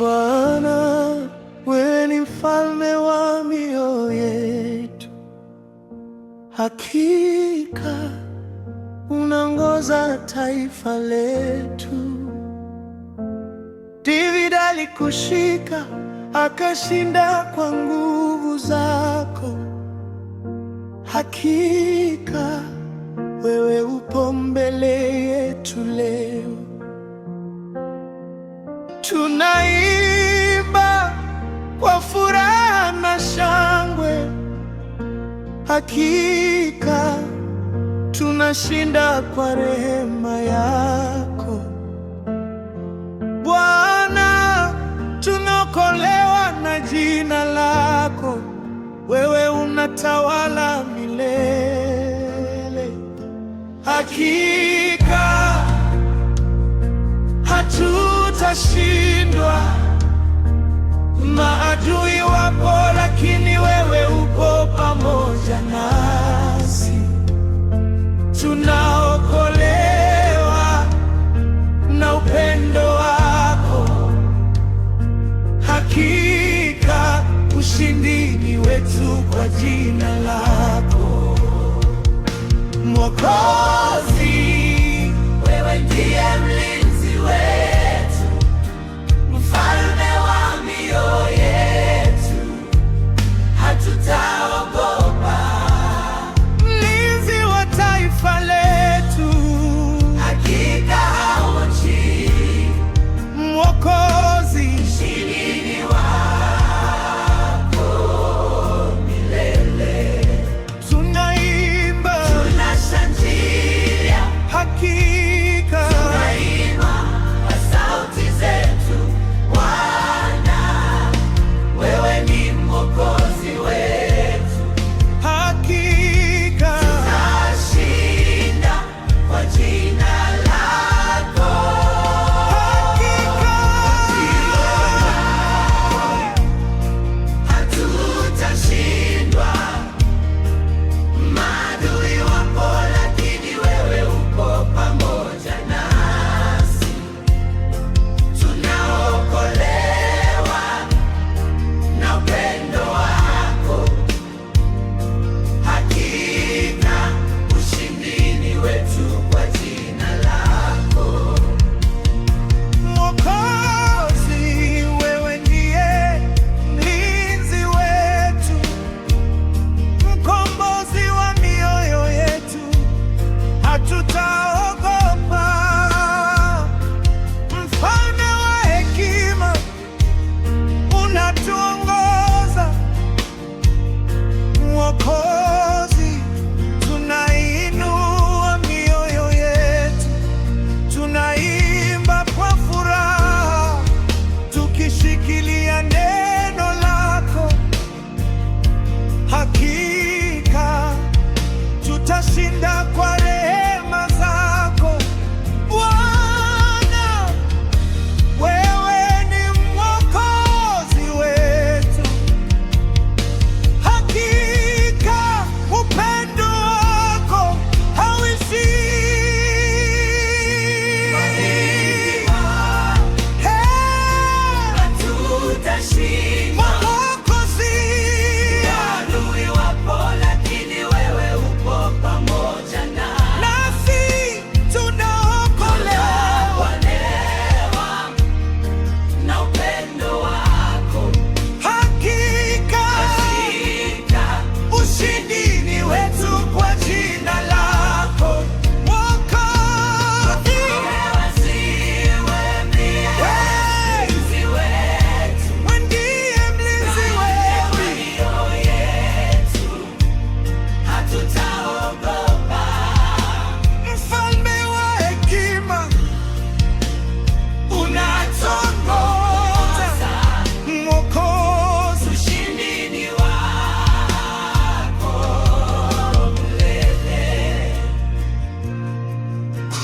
Bwana, wewe ni mfalme wa mioyo yetu, hakika unaongoza taifa letu. David alikushika akashinda kwa nguvu zako, hakika wewe upo mbele yetu leo tuna kwa furaha na shangwe, hakika tunashinda kwa rehema yako Bwana. Tunaokolewa na jina lako, wewe unatawala milele, hakika hatutashindwa. Maadui wapo lakini wewe upo pamoja nasi, tunaokolewa na upendo wako. Hakika ushindi ni wetu kwa jina lako Mwoko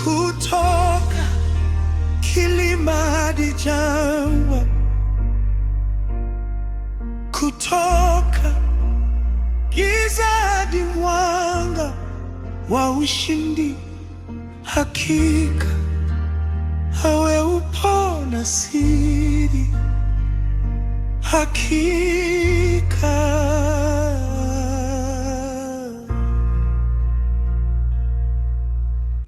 kutoka kilima hadi jangwa, kutoka giza hadi mwanga wa ushindi. Hakika awe upo na siri, hakika